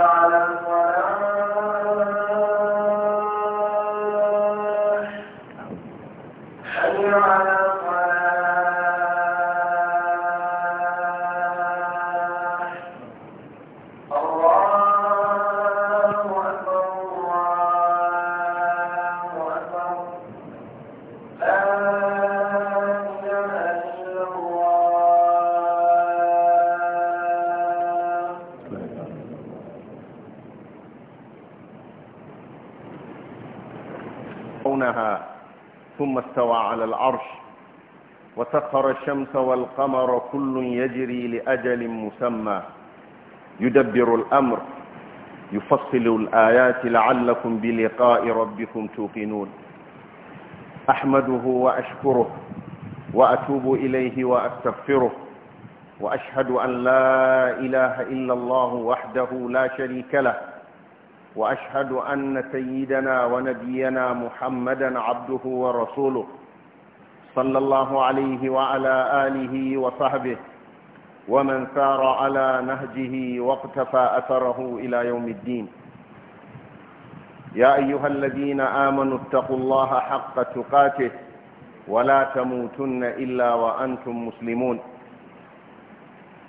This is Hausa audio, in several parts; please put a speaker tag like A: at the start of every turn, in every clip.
A: عليه ترونها ثم استوى على العرش وسخر الشمس والقمر كل يجري لأجل مسمى يدبر الأمر يفصل الآيات لعلكم بلقاء ربكم توقنون أحمده وأشكره وأتوب إليه وأستغفره وأشهد أن لا إله إلا الله وحده لا شريك له وأشهد أن سيدنا ونبينا محمدا عبده ورسوله صلى الله عليه وعلى آله وصحبه ومن سار على نهجه واقتفى أثره إلى يوم الدين يا أيها الذين آمنوا اتقوا الله حق تقاته ولا تموتن إلا وأنتم مسلمون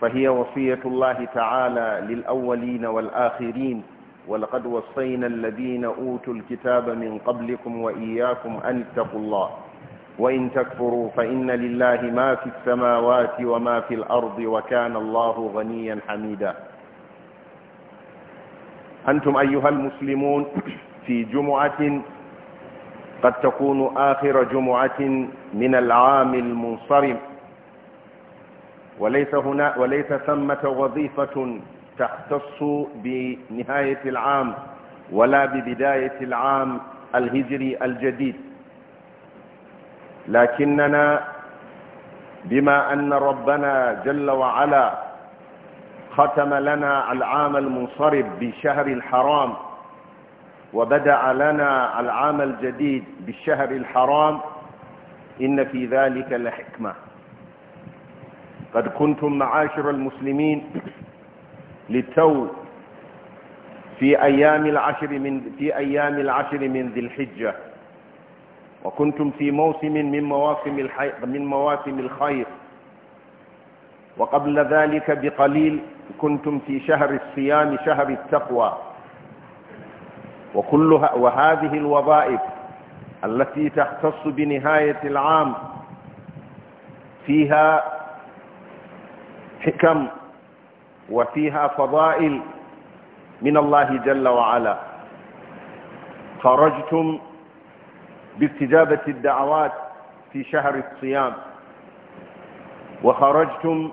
A: فهي وصية الله تعالى للأولين والآخرين ولقد وصينا الذين أوتوا الكتاب من قبلكم وإياكم أن اتقوا الله وإن تكفروا فإن لله ما في السماوات وما في الأرض وكان الله غنيا حميدا أنتم أيها المسلمون في جمعة قد تكون آخر جمعة من العام المنصرم وليس هنا وليس ثمة وظيفة تختص بنهاية العام ولا ببداية العام الهجري الجديد لكننا بما أن ربنا جل وعلا ختم لنا العام المنصرف بالشهر الحرام وبدأ لنا العام الجديد بالشهر الحرام إن في ذلك لحكمة قد كنتم معاشر المسلمين للتو في أيام العشر من في أيام العشر من ذي الحجة وكنتم في موسم من مواسم من مواسم الخير وقبل ذلك بقليل كنتم في شهر الصيام شهر التقوى وكلها وهذه الوظائف التي تختص بنهاية العام فيها حكم وفيها فضائل من الله جل وعلا خرجتم باستجابة الدعوات في شهر الصيام وخرجتم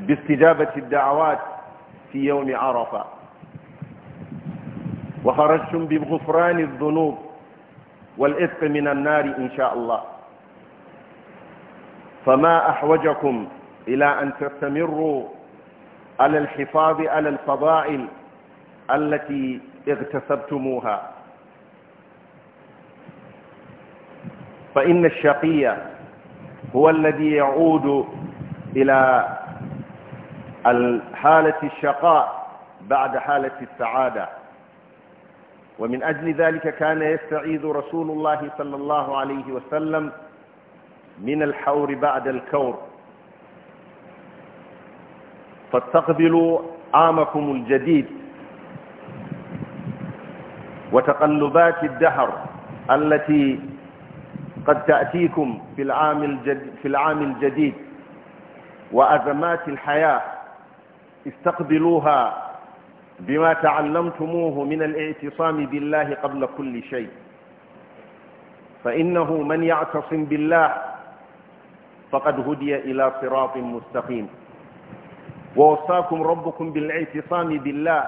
A: باستجابة الدعوات في يوم عرفة وخرجتم بغفران الذنوب والإثق من النار إن شاء الله فما أحوجكم إلى أن تستمروا على الحفاظ على الفضائل التي اغتسبتموها فإن الشقي هو الذي يعود إلى حالة الشقاء بعد حالة السعادة ومن أجل ذلك كان يستعيذ رسول الله صلى الله عليه وسلم من الحور بعد الكور فاستقبلوا عامكم الجديد وتقلبات الدهر التي قد تأتيكم في العام الجديد, في العام الجديد وأزمات الحياة استقبلوها بما تعلمتموه من الاعتصام بالله قبل كل شيء فإنه من يعتصم بالله فقد هدي إلى صراط مستقيم ووصاكم ربكم بالاعتصام بالله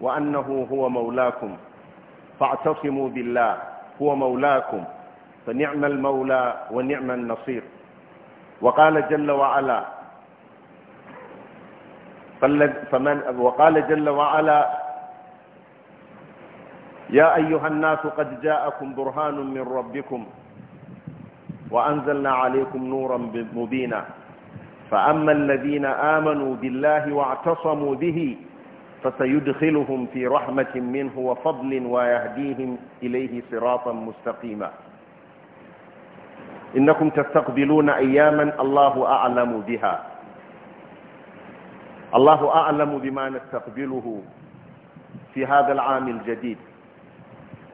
A: وأنه هو مولاكم فاعتصموا بالله هو مولاكم فنعم المولى ونعم النصير وقال جل وعلا فمن وقال جل وعلا يا أيها الناس قد جاءكم برهان من ربكم وأنزلنا عليكم نورا مبينا فأما الذين آمنوا بالله واعتصموا به فسيدخلهم في رحمة منه وفضل ويهديهم إليه صراطا مستقيما إنكم تستقبلون أياما الله أعلم بها الله أعلم بما نستقبله في هذا العام الجديد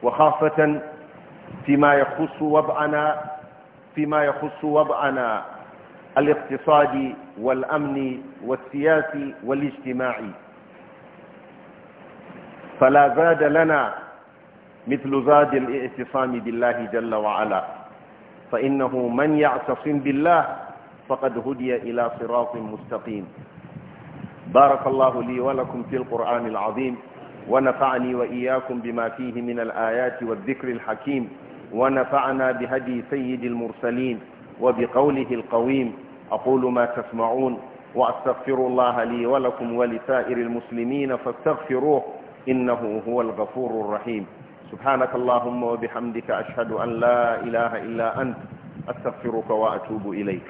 A: وخاصة فيما يخص وضعنا فيما يخص وضعنا الاقتصادي والأمني والسياسي والاجتماعي فلا زاد لنا مثل زاد الاعتصام بالله جل وعلا فإنه من يعتصم بالله فقد هدي إلى صراط مستقيم بارك الله لي ولكم في القرآن العظيم ونفعني وإياكم بما فيه من الآيات والذكر الحكيم ونفعنا بهدي سيد المرسلين وبقوله القويم أقول ما تسمعون وأستغفر الله لي ولكم ولسائر المسلمين فاستغفروه إنه هو الغفور الرحيم سبحانك اللهم وبحمدك أشهد أن لا إله إلا أنت أستغفرك وأتوب إليك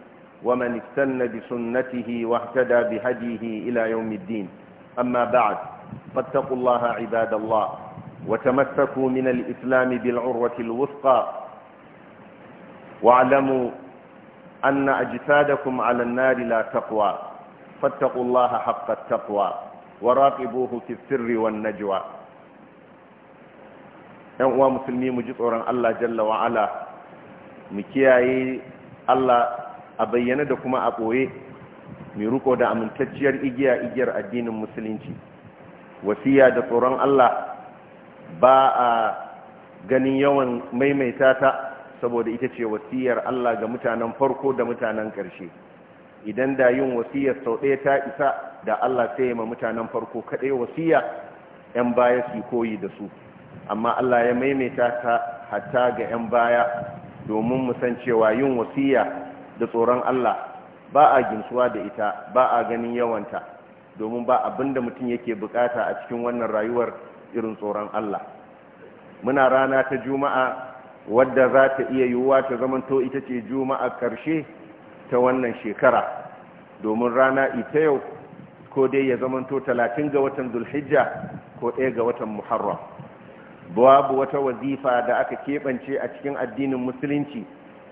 A: ومن استن بسنته واهتدى بهديه إلى يوم الدين أما بعد فاتقوا الله عباد الله وتمسكوا من الإسلام بالعروة الوثقى واعلموا أن أجسادكم على النار لا تقوى فاتقوا الله حق التقوى وراقبوه في السر والنجوى ‘yan uwa musulmi mu ji tsoron Allah jalla wa'ala a bayyana da kuma a ɓoye mai riko da amintacciyar igiya igiyar addinin musulunci wasiya da tsoron Allah ba a ganin yawan maimaita ta saboda ita ce wasiyar Allah ga mutanen farko da mutanen ƙarshe idan da yin wasiyar sau ɗaya ta isa da Allah sai ya ma mutanen farko kaɗai wasiya 'yan baya su koyi da su amma Allah ya maimaita ta hatta ga 'yan baya domin musan cewa yin wasiya da tsoron Allah ba a ginsuwa da ita ba a ganin yawanta domin ba abinda mutum yake bukata a cikin wannan rayuwar irin tsoron Allah muna rana ta juma'a wadda za ta iya yiwuwa ta zamanto ita ce juma'a karshe ta wannan shekara domin rana ita yau ko dai ya zamanto talatin ga watan zulhijja ko ɗaya ga watan muharram babu wata wazifa da aka keɓance a cikin addinin musulunci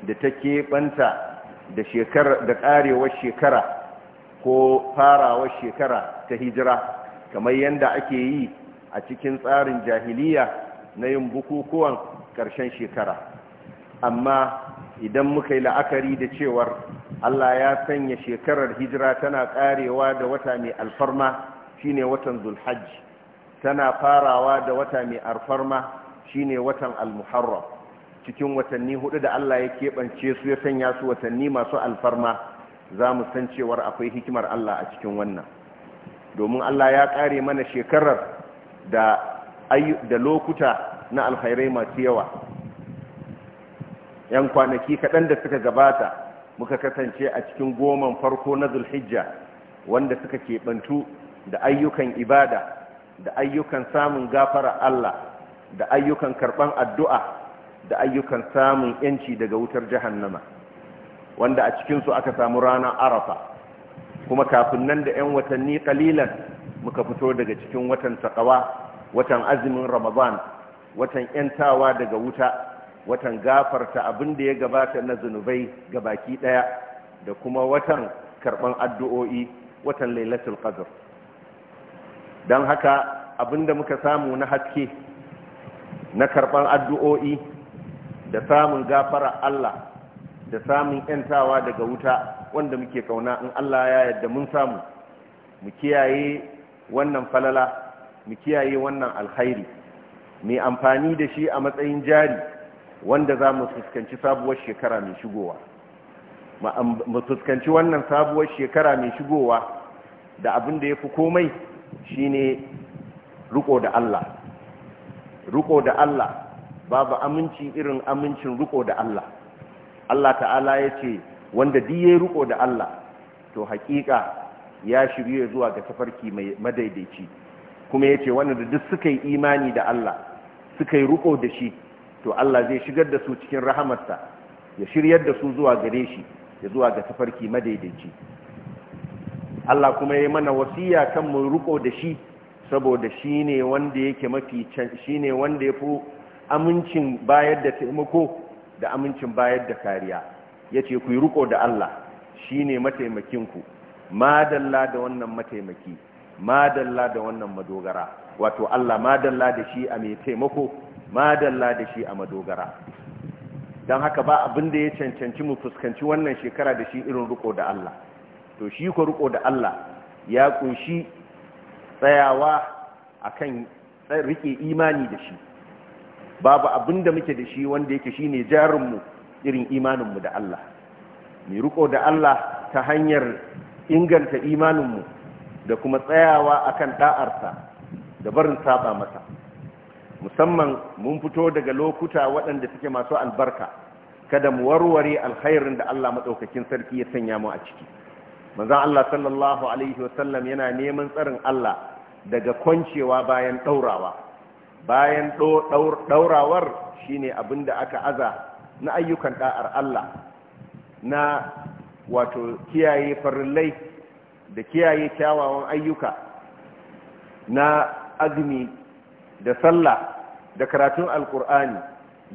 A: da ta keɓanta da ƙarewar shekara ko farawar shekara ta hijira kamar yadda ake yi a cikin tsarin jahiliya na yin bukukuwan ƙarshen shekara amma idan muka yi la'akari da cewar Allah ya sanya shekarar hijira tana ƙarewa da wata mai alfarma shine watan zulhajj tana farawa da wata mai alfarma shine watan almuharram cikin watanni hudu da Allah ya keɓance su ya sanya su watanni masu alfarma za mu san cewar akwai hikimar Allah a cikin wannan domin Allah ya ƙare mana shekarar da lokuta na alkhairai masu yawa yan kwanaki kaɗan da suka gabata muka kasance a cikin goman farko na zulhijja wanda suka keɓantu da ayyukan ibada da ayyukan samun gafara Allah da ayyukan karɓan addu'a da ayyukan samun yanci daga wutar jahannama wanda a cikinsu aka samu ranar arafa kuma kafin nan da 'yan watanni kalilan muka fito daga cikin watan taƙawa watan azumin ramadan watan 'yantawa daga wuta watan gafarta abin da ya gabata na zunubai ga baki ɗaya, da kuma watan karban addu'o'i watan lailatul qadr don haka abin da muka samu na haske na karban addu'o'i da samun gafara Allah da samun ‘yantawa daga wuta wanda muke kauna in Allah ya yadda mun samu mu kiyaye wannan falala mu kiyaye wannan alkhairi mai amfani da shi a matsayin jari wanda za mu fuskanci sabuwar shekara mai shigowa mu fuskanci wannan sabuwar shekara mai shigowa da abin da ya fi komai shine riko da Allah riko da Allah babu aminci irin amincin ruko da Allah Allah ta'ala ya ce wanda duk ya riko da Allah to hakika ya shirye zuwa ga tafarki mai madaidaici kuma ya ce wanda duk suka yi imani da Allah suka yi ruko da shi to Allah zai shigar da su cikin rahamarsa ya shiryar da su zuwa gare shi ya zuwa ga tafarki madaidaici Allah kuma ya yi mana wasiya kan mu riko da shi saboda shi ne wanda yake mafi shi ne wanda ya fi amincin bayar da taimako da amincin bayar da kariya ya ce ku yi riko da Allah shi ne mataimakinku madalla da wannan mataimaki madalla da wannan madogara wato Allah madalla da shi a mai taimako madalla da shi a madogara don haka ba abin da ya cancanci mu fuskanci wannan shekara da shi irin riko da Allah to shi ko riko da Allah ya kunshi tsayawa akan rike imani da shi babu abin da muke da shi wanda yake shi ne jarinmu irin imaninmu da Allah mai riko da Allah ta hanyar inganta imaninmu da kuma tsayawa a kan ɗa'arsa da barin saba masa musamman mun fito daga lokuta waɗanda suke masu albarka kada mu warware alkhairin da Allah maɗaukakin sarki ya sanya mu a ciki manzan Allah sallallahu alaihi wasallam yana neman tsarin Allah daga kwancewa bayan ɗaurawa bayan ɗaurawar shi ne abin da aka aza na ayyukan ɗa'ar Allah na wato kiyaye farillai da kiyaye kyawawan ayyuka na azumi da sallah da karatun alkur'ani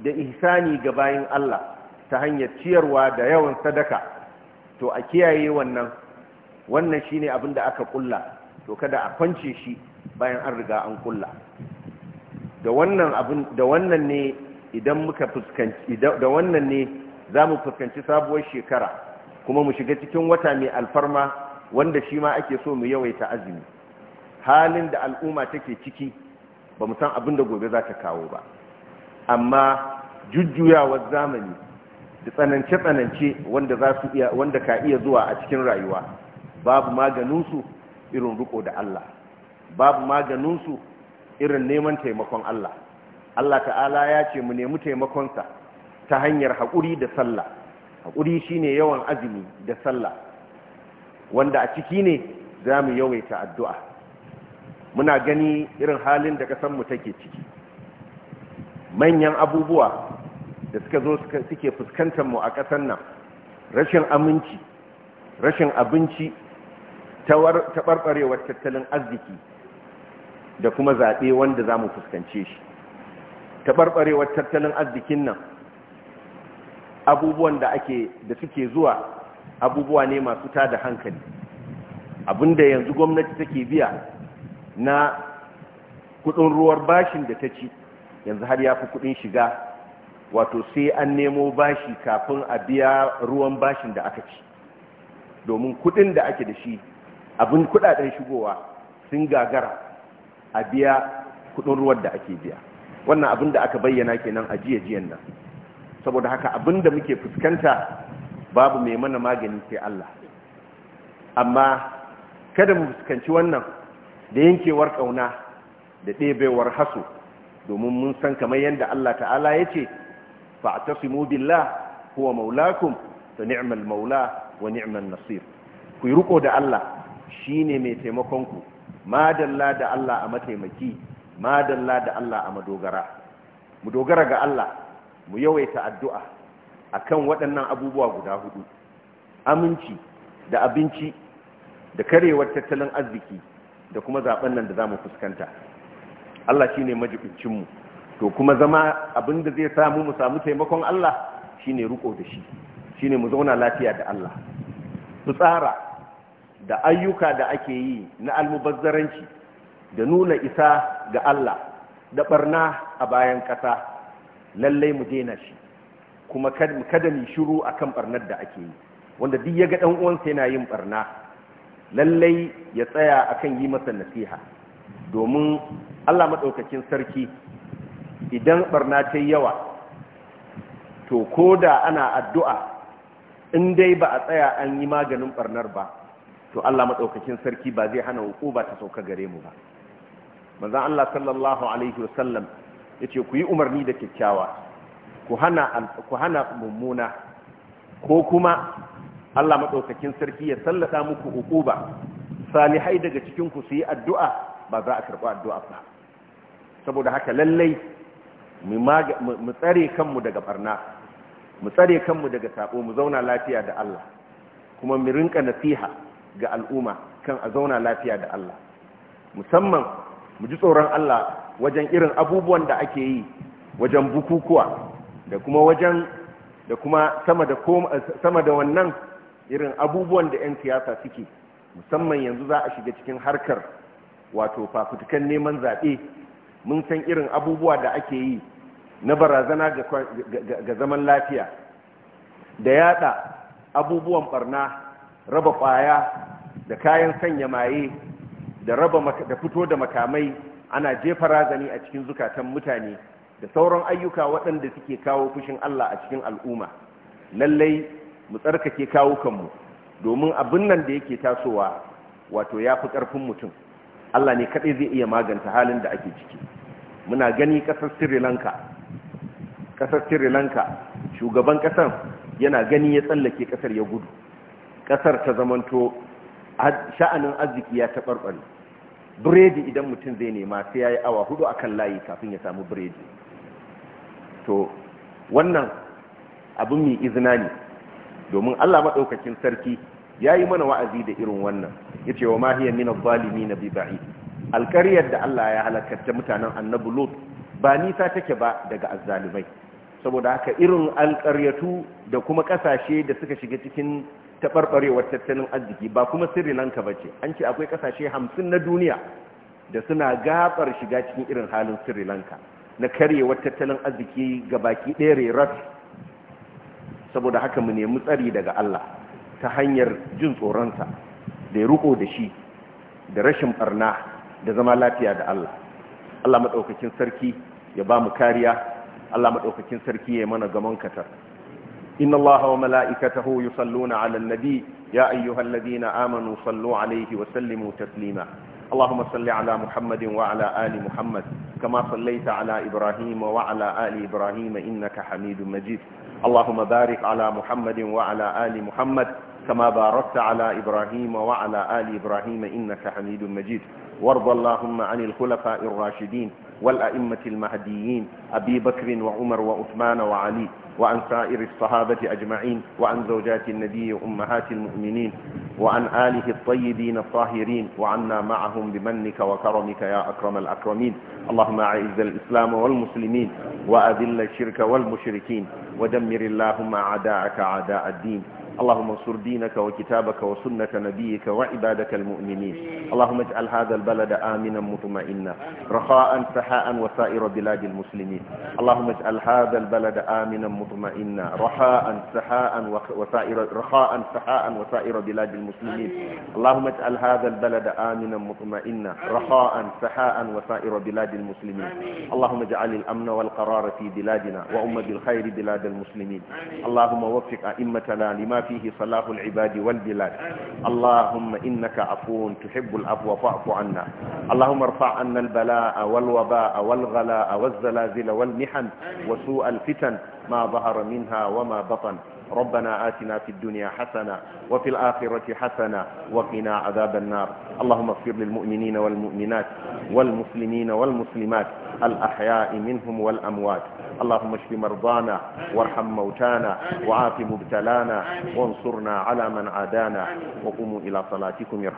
A: da ihsani ga bayan Allah ta hanyar ciyarwa da yawan sadaka to a kiyaye wannan wannan shine abin da aka kulla to kada a kwance shi bayan an riga an kulla da wannan ne idan muka fuskanci da wannan ne za mu fuskanci sabuwar shekara kuma mu shiga cikin wata mai alfarma wanda shi ma ake so mu yawaita azumi halin da al'umma take ciki ba mu san abin da gobe za ta kawo ba amma jujjuyawar zamani da tsanance-tsanance wanda wanda ka iya zuwa a cikin rayuwa babu maganinsu irin riko da Allah babu maganinsu irin neman taimakon Allah Allah ta'ala ya ce mu nemi taimakonsa ta hanyar haƙuri da sallah haƙuri shine yawan azumi da sallah wanda a ciki ne za mu yawaita addu'a muna gani irin halin da ƙasanmu take ciki manyan abubuwa da suka zo suke fuskantar mu a ƙasar nan rashin aminci rashin abinci taɓarɓarewar tattalin arziki da kuma zaɓe wanda za mu fuskance shi taɓarɓarewar tattalin arzikin nan abubuwan da ake da suke zuwa abubuwa ne masu tada hankali abinda yanzu gwamnati take biya na kudin ruwar bashin da ta ci yanzu har ya fi kudin shiga wato sai an nemo bashi kafin a biya ruwan bashin da aka ci domin kudin da ake da shi abin kudaden shigowa sun gagara a biya kudin ruwan da ake biya wannan abin da aka bayyana kenan a jiyan nan saboda haka abin da muke fuskanta babu mai mana magani sai Allah amma kada mu fuskanci wannan da yankewar kauna da ɗebewar haso domin mun san kamar yadda Allah ta'ala ya ce fa'tasimu billah kuwa maulakum ta ni'mal maula wa Nimal nasir ku yi riko da Allah ne mai taimakon ku madalla da Allah a mataimaki madalla da Allah a madogara mu dogara ga Allah mu yawaita addu'a akan waɗannan abubuwa guda hudu aminci da abinci da karewar tattalin arziki da kuma zaben nan da zamu fuskanta Allah shine majibincin mu to kuma zama abinda zai samu mu samu taimakon Allah shine ruko da shi shine mu zauna lafiya da Allah su tsara da ayyuka da ake yi na almubazzaranci da nuna isa ga Allah da barna a bayan ƙasa lallai mu daina shi kuma kada mu shiru akan barnar da ake yi wanda duk yaga ga uwan uwansa yana yin barna lallai ya tsaya akan yi masa nasiha domin Allah madaukakin sarki idan barna ta yawa to koda ana addu'a in dai ba a tsaya an yi maganin barnar ba to Allah madaukakin sarki ba zai hana ba ta sauka gare mu ba manzon Allah sallallahu alaihi wasallam yace ku yi umarni da kyakkyawa ku hana mummuna ko kuma Allah madaukakin sarki ya sallata muku ba salihai daga cikin ku su yi addu'a ba za a karɓi addu'a ba saboda haka lallai mu tsare kanmu daga barna mu tsare kanmu daga sabo mu zauna lafiya da Allah kuma mu rinka nasiha ga al'umma kan a zauna lafiya da Allah musamman mu ji tsoron Allah wajen irin abubuwan da ake yi wajen bukukuwa da kuma wajen da kuma sama da sama da wannan irin abubuwan da 'yan siyasa suke musamman yanzu za a shiga cikin harkar wato fafutukan neman zaɓe mun san irin abubuwa da ake yi na barazana ga zaman lafiya da yada abubuwan barna raba kwaya da kayan sanya maye da raba da fito da makamai ana jefa razani a cikin zukatan mutane da sauran ayyuka waɗanda suke kawo fushin Allah a cikin al'umma lallai mu tsarkake kawukanmu domin abin nan da yake tasowa wato ya fi ƙarfin mutum Allah ne kaɗai zai iya maganta halin da ake ciki muna gani ƙasar Sri Lanka ƙasar Sri Lanka shugaban ƙasar yana gani ya tsallake ƙasar ya gudu ƙasar ta zamanto sha'anin arziki ya taɓarɓar biredi idan mutum zai nema sai ya yi awa hudu akan layi kafin ya samu biredi to wannan abin mai izina ne domin allah maɗaukakin sarki ya yi mana wa'azi da irin wannan ya ce wa mahiyar minar zalimi na biba'i alkariyar da allah ya halakar mutanen annabu lot ba nisa take ba daga azzalimai saboda haka irin alƙaryatu da kuma ƙasashe da suka shiga cikin taɓarɓarewar tattalin arziki ba kuma sirri nan ka bace an ce akwai ƙasashe hamsin na duniya da suna gaɓar shiga cikin irin halin sirri lanka na karyewar tattalin arziki ga baki ɗaya rerat saboda haka mu nemi tsari daga allah ta hanyar jin tsoronsa da ya ruko da shi da rashin ɓarna da zama lafiya da allah allah maɗaukakin sarki ya ba mu kariya Allah madaukakin sarki ya mana gaman katar inna allaha wa mala'ikatahu yusalluna 'alan nabi ya ayyuhalladhina amanu sallu 'alayhi wa sallimu taslima اللهم صل على محمد وعلى آل محمد كما صليت على إبراهيم وعلى آل إبراهيم إنك حميد مجيد اللهم بارك على محمد وعلى آل محمد كما باركت على إبراهيم وعلى آل إبراهيم إنك حميد مجيد وارض اللهم عن الخلفاء الراشدين والأئمة المهديين أبي بكر وعمر وعثمان وعلي وعن سائر الصحابة أجمعين وعن زوجات النبي وأمهات المؤمنين وعن آله الطيبين الطاهرين وعنا معهم بمنك وكرمك يا أكرم الأكرمين اللهم أعز الإسلام والمسلمين وأذل الشرك والمشركين ودمر اللهم أعداءك أعداء الدين اللهم انصر دينك وكتابك وسنة نبيك وعبادك المؤمنين اللهم اجعل هذا البلد آمنا مطمئنا رخاء سحاء وسائر بلاد المسلمين اللهم اجعل هذا البلد آمنا مطمئنا رخاء سحاء وسائر رخاء سحاء وسائر بلاد المسلمين اللهم اجعل هذا البلد آمنا مطمئنا رخاء سحاء وسائر بلاد المسلمين اللهم اجعل الأمن والقرار في بلادنا وأم بالخير بلاد المسلمين اللهم وفق أئمتنا لما فيه صلاح العباد والبلاد اللهم إنك عفو تحب العفو فاعف عنا اللهم ارفع عنا البلاء والوباء والغلاء والزلازل والمحن وسوء الفتن ما ظهر منها وما بطن ربنا آتنا في الدنيا حسنة وفي الآخرة حسنة وقنا عذاب النار اللهم اغفر للمؤمنين والمؤمنات والمسلمين والمسلمات الأحياء منهم والأموات اللهم اشف مرضانا وارحم موتانا وعاف مبتلانا وانصرنا على من عادانا وقوموا إلى صلاتكم يرحمون